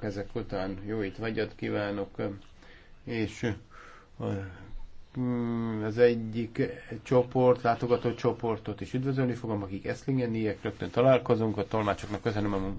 ezek után jó itt vagyat kívánok, és mm, az egyik csoport, látogató csoportot is üdvözölni fogom, akik eszlingeniek, rögtön találkozunk, a tolmácsoknak köszönöm a